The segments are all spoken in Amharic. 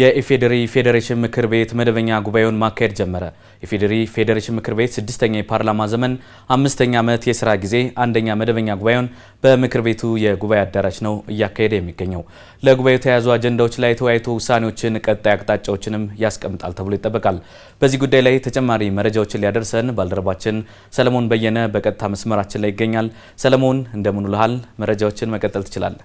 የኢፌዴሪ ፌዴሬሽን ምክር ቤት መደበኛ ጉባኤውን ማካሄድ ጀመረ። ኢፌዴሪ ፌዴሬሽን ምክር ቤት ስድስተኛ የፓርላማ ዘመን አምስተኛ ዓመት የስራ ጊዜ አንደኛ መደበኛ ጉባኤውን በምክር ቤቱ የጉባኤ አዳራሽ ነው እያካሄደ የሚገኘው። ለጉባኤው የተያዙ አጀንዳዎች ላይ ተወያይቶ ውሳኔዎችን፣ ቀጣይ አቅጣጫዎችንም ያስቀምጣል ተብሎ ይጠበቃል። በዚህ ጉዳይ ላይ ተጨማሪ መረጃዎችን ሊያደርሰን ባልደረባችን ሰለሞን በየነ በቀጥታ መስመራችን ላይ ይገኛል። ሰለሞን እንደምን ውለሃል? መረጃዎችን መቀጠል ትችላለን።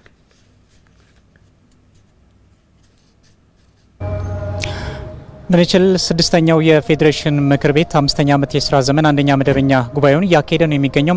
ድንችል ስድስተኛው የፌዴሬሽን ምክር ቤት አምስተኛ ዓመት የስራ ዘመን አንደኛ መደበኛ ጉባኤውን እያካሄደ ነው የሚገኘው።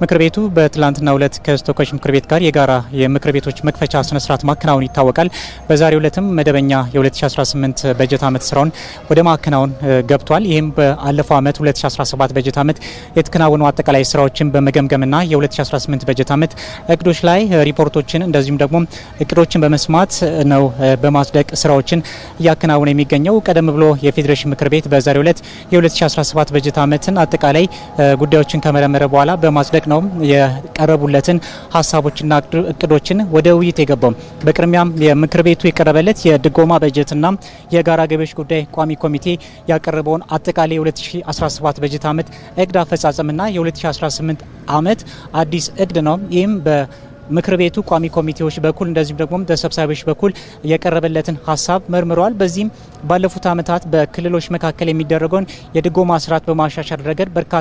ምክር ቤቱ በትላንትናው ሁለት ከሕዝብ ምክር ቤት ጋር የጋራ የምክር ቤቶች መክፈቻ ስነስርዓት ማከናወን ይታወቃል። በዛሬው ዕለትም መደበኛ የ2018 በጀት ዓመት ስራውን ወደ ማከናወን ገብቷል። ይህም በአለፈው ዓመት 2017 በጀት ዓመት የተከናወኑ አጠቃላይ ስራዎችን በመገምገምና የ2018 በጀት ዓመት እቅዶች ላይ ሪፖርቶችን እንደዚሁም ደግሞ እቅዶችን በመስማት ነው በማጽደቅ ስራዎችን እያከናወነ የሚገኘው ቀደም ብሎ የፌዴሬሽን ምክር ቤት በዛሬው ዕለት የ2017 በጀት ዓመትን አጠቃላይ ጉዳዮችን ከመረመረ በኋላ በማጽደቅ ነው የቀረቡለትን ሀሳቦችና እቅዶችን ወደ ውይይት የገባው። በቅድሚያም የምክር ቤቱ የቀረበለት የድጎማ በጀትና የጋራ ገቢዎች ጉዳይ ቋሚ ኮሚቴ ያቀረበውን አጠቃላይ የ2017 በጀት ዓመት እቅድ አፈጻጸምና የ2018 ዓመት አዲስ እቅድ ነው። ይህም ምክር ቤቱ ቋሚ ኮሚቴዎች በኩል እንደዚሁም ደግሞ ተሰብሳቢዎች በኩል የቀረበለትን ሀሳብ መርምረዋል። በዚህም ባለፉት ዓመታት በክልሎች መካከል የሚደረገውን የድጎማ ስርዓት በማሻሻል ረገድ በርካታ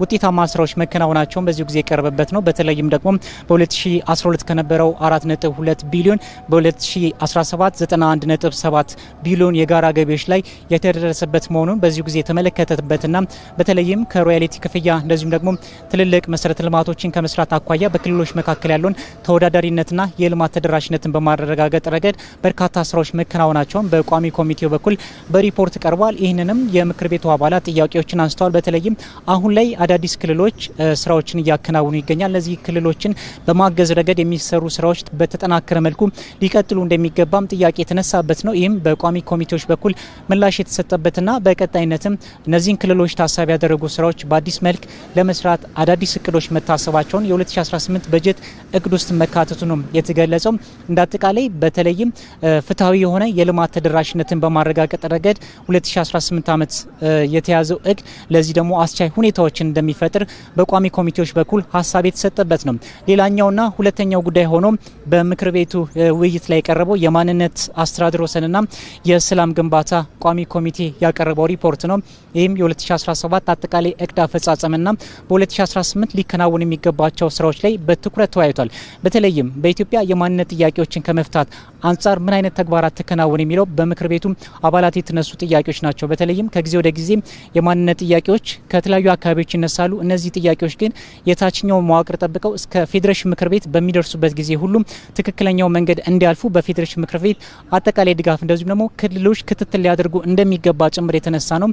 ውጤታማ ስራዎች መከናወናቸውን በዚሁ ጊዜ የቀረበበት ነው። በተለይም ደግሞ በ2012 ከነበረው 4.2 ቢሊዮን በ2017 91.7 ቢሊዮን የጋራ ገቢዎች ላይ የተደረሰበት መሆኑን በዚሁ ጊዜ የተመለከተበትና በተለይም ከሮያሊቲ ክፍያ እንደዚሁም ደግሞ ትልልቅ መሰረተ ልማቶችን ከመስራት አኳያ በክልሎች መካከል ያለውን ተወዳዳሪነትና የልማት ተደራሽነትን በማረጋገጥ ረገድ በርካታ ስራዎች መከናወናቸውን በቋሚ ኮሚቴው በኩል በሪፖርት ቀርቧል። ይህንንም የምክር ቤቱ አባላት ጥያቄዎችን አንስተዋል። በተለይም አሁን ላይ አዳዲስ ክልሎች ስራዎችን እያከናወኑ ይገኛል። እነዚህ ክልሎችን በማገዝ ረገድ የሚሰሩ ስራዎች በተጠናከረ መልኩ ሊቀጥሉ እንደሚገባም ጥያቄ የተነሳበት ነው። ይህም በቋሚ ኮሚቴዎች በኩል ምላሽ የተሰጠበትና በቀጣይነትም እነዚህን ክልሎች ታሳቢ ያደረጉ ስራዎች በአዲስ መልክ ለመስራት አዳዲስ እቅዶች መታሰባቸውን የ2018 በጀት እቅድ ውስጥ መካተቱ ነው የተገለጸው። እንዳጠቃላይ በተለይም ፍትሐዊ የሆነ የልማት ተደራሽነትን በማ በማረጋገጥ ረገድ 2018 ዓመት የተያዘው እቅድ ለዚህ ደግሞ አስቻይ ሁኔታዎችን እንደሚፈጥር በቋሚ ኮሚቴዎች በኩል ሀሳብ የተሰጠበት ነው። ሌላኛውና ሁለተኛው ጉዳይ ሆኖ በምክር ቤቱ ውይይት ላይ የቀረበው የማንነት አስተዳደር ወሰንና የሰላም ግንባታ ቋሚ ኮሚቴ ያቀረበው ሪፖርት ነው። ይህም የ2017 አጠቃላይ እቅድ አፈጻጸምና በ2018 ሊከናወን የሚገባቸው ስራዎች ላይ በትኩረት ተወያይቷል። በተለይም በኢትዮጵያ የማንነት ጥያቄዎችን ከመፍታት አንጻር ምን አይነት ተግባራት ተከናወን የሚለው በምክር ቤቱ አባላት የተነሱ ጥያቄዎች ናቸው። በተለይም ከጊዜ ወደ ጊዜ የማንነት ጥያቄዎች ከተለያዩ አካባቢዎች ይነሳሉ። እነዚህ ጥያቄዎች ግን የታችኛው መዋቅር ጠብቀው እስከ ፌዴሬሽን ምክር ቤት በሚደርሱበት ጊዜ ሁሉም ትክክለኛው መንገድ እንዲያልፉ በፌዴሬሽን ምክር ቤት አጠቃላይ ድጋፍ እንደዚሁም ደግሞ ክልሎች ክትትል ሊያደርጉ እንደሚገባ ጭምር የተነሳ ነው።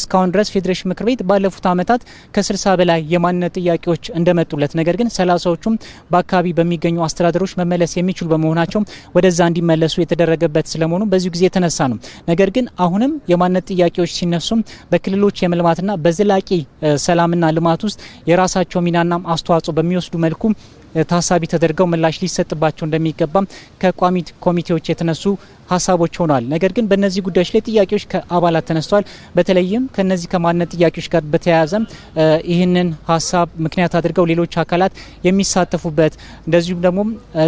እስካሁን ድረስ ፌዴሬሽን ምክር ቤት ባለፉት ዓመታት ከ60 በላይ የማንነት ጥያቄዎች እንደመጡለት ነገር ግን ሰላሳዎቹም በአካባቢ በሚገኙ አስተዳደሮች መመለስ የሚችሉ በመሆናቸው ወደዛ እንዲመለሱ የተደረገበት ስለመሆኑ በዚሁ ጊዜ የተነሳ ነው። ነገር ግን አሁንም የማንነት ጥያቄዎች ሲነሱም በክልሎች የመልማትና በዘላቂ ሰላምና ልማት ውስጥ የራሳቸው ሚናና አስተዋጽኦ በሚወስዱ መልኩ ታሳቢ ተደርገው ምላሽ ሊሰጥባቸው እንደሚገባም ከቋሚ ኮሚቴዎች የተነሱ ሀሳቦች ሆኗል። ነገር ግን በእነዚህ ጉዳዮች ላይ ጥያቄዎች ከአባላት ተነስተዋል። በተለይም ከነዚህ ከማንነት ጥያቄዎች ጋር በተያያዘም ይህንን ሀሳብ ምክንያት አድርገው ሌሎች አካላት የሚሳተፉበት እንደዚሁም ደግሞ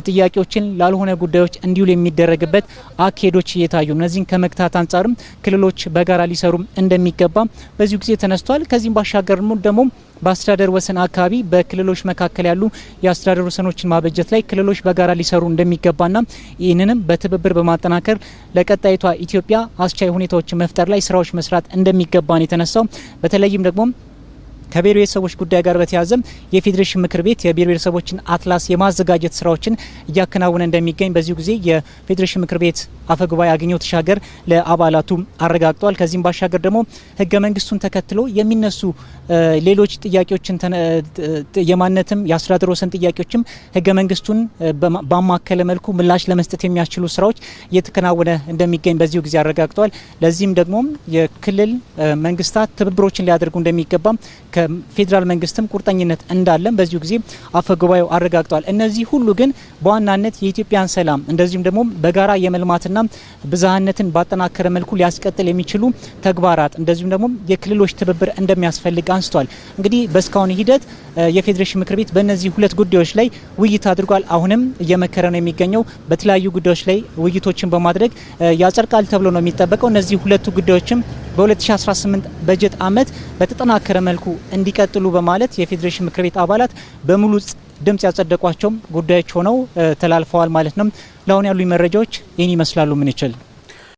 ጥያቄዎችን ላልሆነ ጉዳዮች እንዲውል የሚደረግበት አካሄዶች እየታዩ እነዚህን ከመግታት አንጻርም ክልሎች በጋራ ሊሰሩ እንደሚገባ በዚሁ ጊዜ ተነስተዋል። ከዚህም ባሻገር ደግሞ በአስተዳደር ወሰን አካባቢ በክልሎች መካከል ያሉ የአስተዳደር ወሰኖችን ማበጀት ላይ ክልሎች በጋራ ሊሰሩ እንደሚገባና ይህንንም በትብብር በማጠናከር ለቀጣይቷ ኢትዮጵያ አስቻይ ሁኔታዎችን መፍጠር ላይ ስራዎች መስራት እንደሚገባ ነው የተነሳው። በተለይም ደግሞ ከብሔረሰቦች ጉዳይ ጋር በተያያዘም የፌዴሬሽን ምክር ቤት የብሔረሰቦችን አትላስ የማዘጋጀት ስራዎችን እያከናወነ እንደሚገኝ በዚሁ ጊዜ የፌዴሬሽን ምክር ቤት አፈጉባኤ አገኘሁ ተሻገር ለአባላቱ አረጋግጧል ከዚህም ባሻገር ደግሞ ህገ መንግስቱን ተከትሎ የሚነሱ ሌሎች ጥያቄዎችን የማንነትም የአስተዳደር ወሰን ጥያቄዎችም ህገ መንግስቱን ባማከለ መልኩ ምላሽ ለመስጠት የሚያስችሉ ስራዎች እየተከናወነ እንደሚገኝ በዚሁ ጊዜ አረጋግጠዋል። ለዚህም ደግሞ የክልል መንግስታት ትብብሮችን ሊያደርጉ እንደሚገባም ከ ከፌዴራል መንግስትም ቁርጠኝነት እንዳለን በዚሁ ጊዜ አፈጉባኤው አረጋግጠዋል። እነዚህ ሁሉ ግን በዋናነት የኢትዮጵያን ሰላም እንደዚሁም ደግሞ በጋራ የመልማትና ብዝሃነትን ባጠናከረ መልኩ ሊያስቀጥል የሚችሉ ተግባራት እንደዚሁም ደግሞ የክልሎች ትብብር እንደሚያስፈልግ አንስቷል። እንግዲህ በእስካሁን ሂደት የፌዴሬሽን ምክር ቤት በእነዚህ ሁለት ጉዳዮች ላይ ውይይት አድርጓል። አሁንም እየመከረ ነው የሚገኘው። በተለያዩ ጉዳዮች ላይ ውይይቶችን በማድረግ ያጸድቃል ተብሎ ነው የሚጠበቀው። እነዚህ ሁለቱ ጉዳዮችም በ2018 በጀት ዓመት በተጠናከረ መልኩ እንዲቀጥሉ በማለት የፌዴሬሽን ምክር ቤት አባላት በሙሉ ድምፅ ያጸደቋቸውም ጉዳዮች ሆነው ተላልፈዋል ማለት ነው። ለአሁን ያሉ መረጃዎች ይህን ይመስላሉ ምንችል